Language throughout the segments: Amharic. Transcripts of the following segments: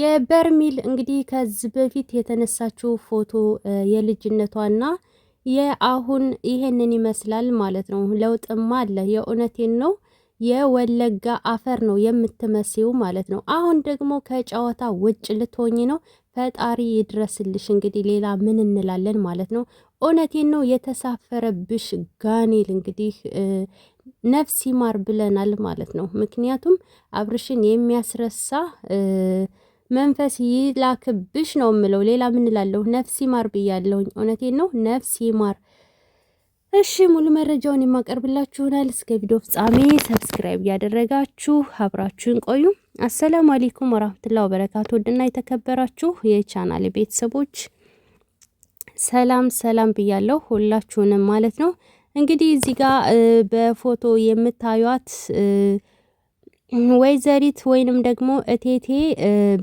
የበርሚል እንግዲህ ከዚህ በፊት የተነሳችው ፎቶ የልጅነቷና የአሁን ይሄንን ይመስላል ማለት ነው። ለውጥማ አለ። የእውነቴን ነው። የወለጋ አፈር ነው የምትመስይው ማለት ነው። አሁን ደግሞ ከጨዋታ ውጭ ልትሆኝ ነው። ፈጣሪ ይድረስልሽ። እንግዲህ ሌላ ምን እንላለን ማለት ነው። እውነቴን ነው። የተሳፈረብሽ ጋኔል እንግዲህ ነፍስ ይማር ብለናል ማለት ነው። ምክንያቱም አብርሽን የሚያስረሳ መንፈስ ይላክብሽ ነው የምለው። ሌላ ምን እላለሁ? ነፍስ ይማር ብያለሁኝ። እውነቴን ነው፣ ነፍስ ይማር። እሺ ሙሉ መረጃውን የማቀርብላችሁ ይሆናል። እስከ ቪዲዮ ፍጻሜ ሰብስክራይብ እያደረጋችሁ አብራችሁን ቆዩ። አሰላሙ አሌይኩም ወራህመቱላ ወበረካቱ። ውድና የተከበራችሁ የቻናል ቤተሰቦች ሰላም ሰላም ብያለሁ ሁላችሁንም ማለት ነው። እንግዲህ እዚህ ጋር በፎቶ የምታዩት ወይዘሪት ወይንም ደግሞ እቴቴ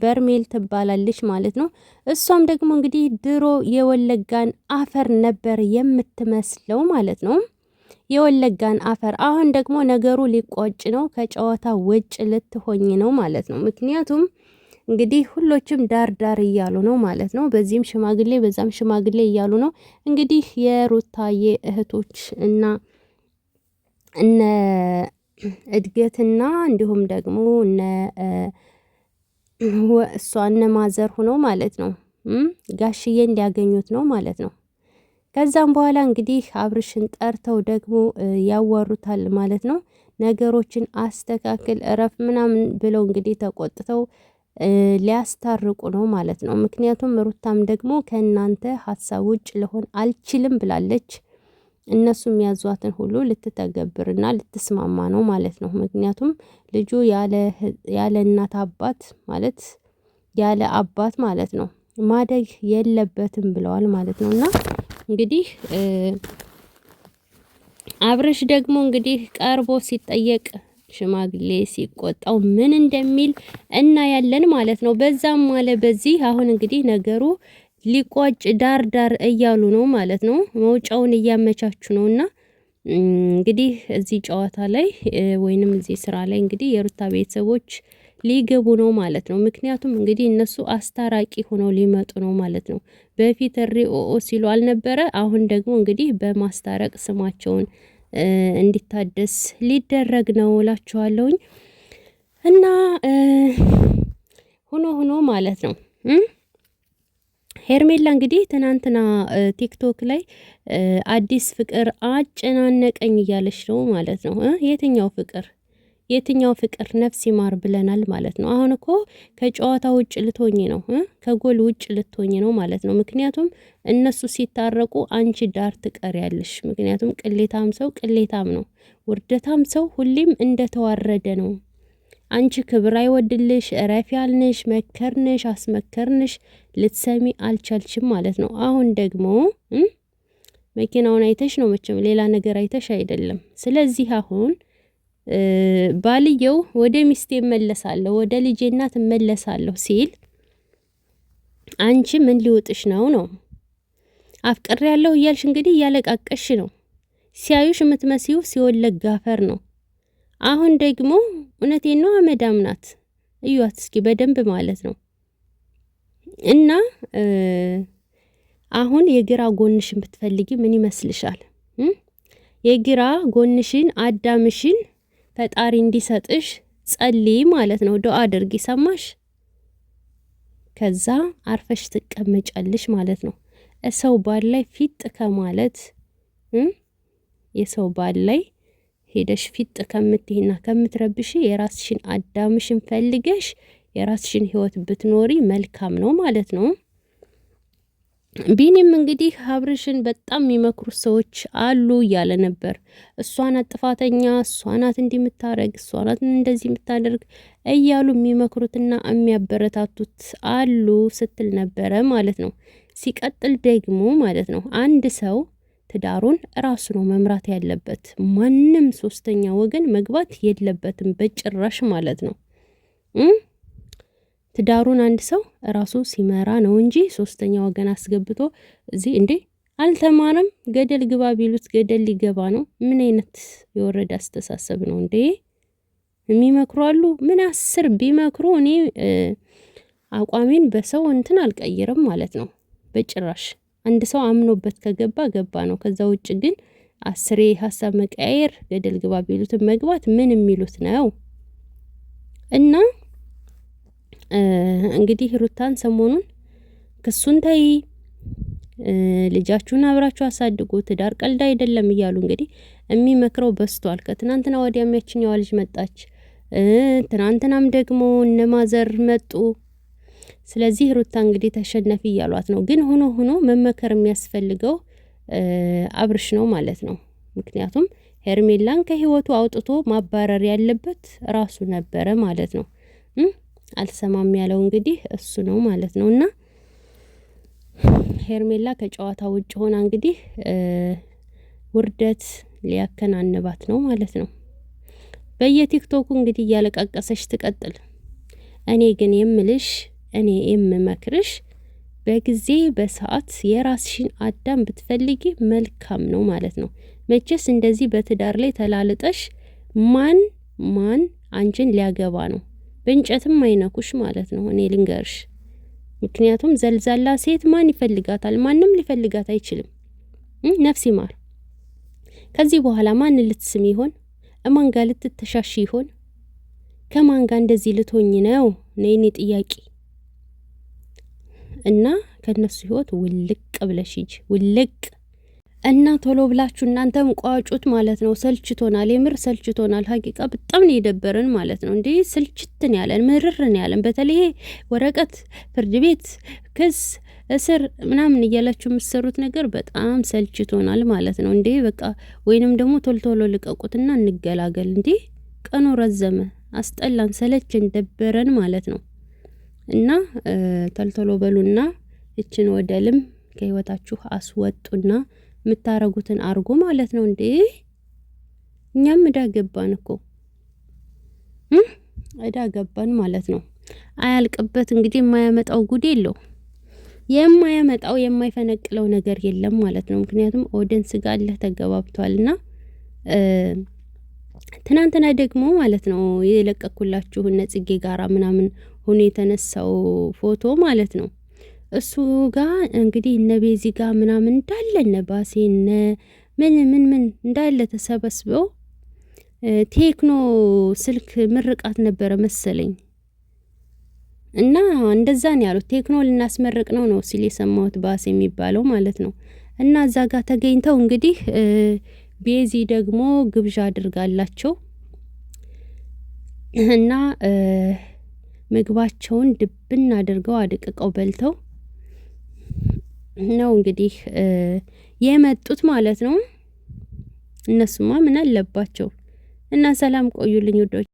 በርሜል ትባላለች ማለት ነው። እሷም ደግሞ እንግዲህ ድሮ የወለጋን አፈር ነበር የምትመስለው ማለት ነው። የወለጋን አፈር አሁን ደግሞ ነገሩ ሊቋጭ ነው፣ ከጨዋታ ውጭ ልትሆኝ ነው ማለት ነው። ምክንያቱም እንግዲህ ሁሎችም ዳር ዳር እያሉ ነው ማለት ነው። በዚህም ሽማግሌ በዛም ሽማግሌ እያሉ ነው እንግዲህ የሩታዬ እህቶች እና እነ እድገትና እንዲሁም ደግሞ እሷ እነ ማዘር ሆኖ ማለት ነው ጋሽዬ እንዲያገኙት ነው ማለት ነው። ከዛም በኋላ እንግዲህ አብርሽን ጠርተው ደግሞ ያዋሩታል ማለት ነው። ነገሮችን አስተካክል እረፍ ምናምን ብለው እንግዲህ ተቆጥተው ሊያስታርቁ ነው ማለት ነው። ምክንያቱም ሩታም ደግሞ ከእናንተ ሀሳብ ውጭ ልሆን አልችልም ብላለች። እነሱ የሚያዟትን ሁሉ ልትተገብርና ልትስማማ ነው ማለት ነው። ምክንያቱም ልጁ ያለ እናት አባት ማለት ያለ አባት ማለት ነው ማደግ የለበትም ብለዋል ማለት ነው። እና እንግዲህ አብርሽ ደግሞ እንግዲህ ቀርቦ ሲጠየቅ ሽማግሌ ሲቆጣው ምን እንደሚል እና ያለን ማለት ነው። በዛም አለ በዚህ አሁን እንግዲህ ነገሩ ሊቋጭ ዳር ዳር እያሉ ነው ማለት ነው። መውጫውን እያመቻቹ ነው እና እንግዲህ እዚህ ጨዋታ ላይ ወይንም እዚህ ስራ ላይ እንግዲህ የሩታ ቤተሰቦች ሊገቡ ነው ማለት ነው። ምክንያቱም እንግዲህ እነሱ አስታራቂ ሆነው ሊመጡ ነው ማለት ነው። በፊት ሪኦኦ ሲሉ አልነበረ። አሁን ደግሞ እንግዲህ በማስታረቅ ስማቸውን እንዲታደስ ሊደረግ ነው እላችኋለሁኝ እና ሆኖ ሆኖ ማለት ነው ሄርሜላ እንግዲህ ትናንትና ቲክቶክ ላይ አዲስ ፍቅር አጨናነቀኝ እያለች ነው ማለት ነው። የትኛው ፍቅር የትኛው ፍቅር ነፍስ ይማር ብለናል ማለት ነው። አሁን እኮ ከጨዋታ ውጭ ልትሆኝ ነው፣ ከጎል ውጭ ልትሆኝ ነው ማለት ነው። ምክንያቱም እነሱ ሲታረቁ አንቺ ዳር ትቀሪያለሽ። ምክንያቱም ቅሌታም ሰው ቅሌታም ነው፣ ውርደታም ሰው ሁሌም እንደተዋረደ ነው አንቺ ክብር አይወድልሽ፣ እረፊ ያልንሽ፣ መከርንሽ፣ አስመከርንሽ ልትሰሚ አልቻልሽም ማለት ነው። አሁን ደግሞ መኪናውን አይተሽ ነው መቼም ሌላ ነገር አይተሽ አይደለም። ስለዚህ አሁን ባልየው ወደ ሚስቴ እመለሳለሁ፣ ወደ ልጄ እናት እመለሳለሁ ሲል አንቺ ምን ሊወጥሽ ነው ነው አፍቅሬ ያለሁ እያልሽ እንግዲህ እያለቃቀሽ ነው። ሲያዩሽ የምትመስዩ ሲወለግ ጋፈር ነው። አሁን ደግሞ እውነቴን ነው፣ አመዳም ናት። እዩዋት እስኪ በደንብ ማለት ነው። እና አሁን የግራ ጎንሽን ብትፈልጊ ምን ይመስልሻል? የግራ ጎንሽን አዳምሽን ፈጣሪ እንዲሰጥሽ ጸልይ ማለት ነው። ዱአ አድርጊ፣ ሰማሽ? ከዛ አርፈሽ ትቀመጫለሽ ማለት ነው። ሰው ባል ላይ ፊጥ ከማለት የሰው ባል ላይ ሄደሽ ፊጥ ከምትይና ከምትረብሽ የራስሽን አዳምሽን ፈልገሽ የራስሽን ህይወት ብትኖሪ መልካም ነው ማለት ነው። ቢኒም እንግዲህ ሀብርሽን በጣም የሚመክሩ ሰዎች አሉ እያለ ነበር። እሷ ናት ጥፋተኛ፣ እሷ ናት እንዲህ የምታደርግ፣ እሷ ናት እንደዚህ የምታደርግ እያሉ የሚመክሩትና የሚያበረታቱት አሉ ስትል ነበረ ማለት ነው። ሲቀጥል ደግሞ ማለት ነው አንድ ሰው ትዳሩን ራሱ ነው መምራት ያለበት። ማንም ሶስተኛ ወገን መግባት የለበትም በጭራሽ ማለት ነው። ትዳሩን አንድ ሰው ራሱ ሲመራ ነው እንጂ ሶስተኛ ወገን አስገብቶ እዚህ እንዴ አልተማረም ገደል ግባ ቢሉት ገደል ሊገባ ነው። ምን አይነት የወረደ አስተሳሰብ ነው እንዴ? የሚመክሩ አሉ። ምን አስር ቢመክሩ እኔ አቋሜን በሰው እንትን አልቀይርም ማለት ነው በጭራሽ። አንድ ሰው አምኖበት ከገባ ገባ ነው። ከዛ ውጭ ግን አስሬ ሀሳብ መቀያየር ገደል ግባ ቢሉትን መግባት ምን የሚሉት ነው? እና እንግዲህ ሩታን ሰሞኑን ክሱን ተይ ልጃችሁን አብራችሁ አሳድጉ፣ ትዳር ቀልድ አይደለም እያሉ እንግዲህ የሚመክረው በስቷል። ከትናንትና ወዲያ ያችኛዋ ልጅ መጣች። ትናንትናም ደግሞ እነማዘር መጡ። ስለዚህ ሩታ እንግዲህ ተሸናፊ እያሏት ነው። ግን ሆኖ ሆኖ መመከር የሚያስፈልገው አብርሽ ነው ማለት ነው። ምክንያቱም ሄርሜላን ከህይወቱ አውጥቶ ማባረር ያለበት ራሱ ነበረ ማለት ነው። አልሰማም ያለው እንግዲህ እሱ ነው ማለት ነው። እና ሄርሜላ ከጨዋታ ውጭ ሆና እንግዲህ ውርደት ሊያከናንባት ነው ማለት ነው። በየቲክቶኩ እንግዲህ እያለቃቀሰች ትቀጥል። እኔ ግን የምልሽ እኔ የምመክርሽ በጊዜ በሰዓት የራስሽን አዳም ብትፈልጊ መልካም ነው ማለት ነው። መቼስ እንደዚህ በትዳር ላይ ተላልጠሽ ማን ማን አንቺን ሊያገባ ነው? በእንጨትም አይነኩሽ ማለት ነው። እኔ ልንገርሽ፣ ምክንያቱም ዘልዛላ ሴት ማን ይፈልጋታል? ማንም ሊፈልጋት አይችልም። ነፍስ ይማር። ከዚህ በኋላ ማን ልትስም ይሆን? እማን ጋር ልትተሻሽ ይሆን? ከማን ጋር እንደዚህ ልትሆኝ ነው? ነይኔ ጥያቄ። እና ከነሱ ህይወት ውልቅ ብለሽ ሂጂ ውልቅ እና ቶሎ ብላችሁ እናንተም ቋጩት ማለት ነው። ሰልችቶናል፣ የምር ሰልችቶናል። ሀቂቃ በጣም ነው የደበረን ማለት ነው። እንዲህ ስልችትን ያለን ምርርን ያለን በተለይ ወረቀት፣ ፍርድ ቤት፣ ክስ፣ እስር ምናምን እያላችሁ የምትሰሩት ነገር በጣም ሰልችቶናል ማለት ነው። እንዴ በቃ ወይንም ደግሞ ቶሎ ቶሎ ልቀቁትና እንገላገል። እንዲህ ቀኑ ረዘመ፣ አስጠላን፣ ሰለችን፣ ደበረን ማለት ነው። እና ተልተሎ በሉና እችን ወደልም ከህይወታችሁ አስወጡና የምታረጉትን አርጎ ማለት ነው እንዴ። እኛም እዳ ገባን እኮ እዳ ገባን ማለት ነው። አያልቅበት እንግዲህ የማያመጣው ጉድ የለው የማያመጣው የማይፈነቅለው ነገር የለም ማለት ነው። ምክንያቱም ኦደን ስጋ አለ ተገባብቷልና ትናንትና ደግሞ ማለት ነው የለቀኩላችሁ ነጽጌ ጋራ ምናምን ሆኖ የተነሳው ፎቶ ማለት ነው። እሱ ጋር እንግዲህ እነ ቤዚ ጋ ምናምን እንዳለ እነ ባሴ እነ ምን ምን ምን እንዳለ ተሰበስበው ቴክኖ ስልክ ምርቃት ነበረ መሰለኝ እና እንደዛ ነው ያሉት። ቴክኖ ልናስመርቅ ነው ነው ሲል የሰማሁት ባስ የሚባለው ማለት ነው። እና እዛ ጋር ተገኝተው እንግዲህ ቤዚ ደግሞ ግብዣ አድርጋላቸው እና ምግባቸውን ድብን አድርገው አድቅቀው በልተው ነው እንግዲህ የመጡት ማለት ነው። እነሱማ ምን አለባቸው? እና ሰላም ቆዩልኝ ውዶች።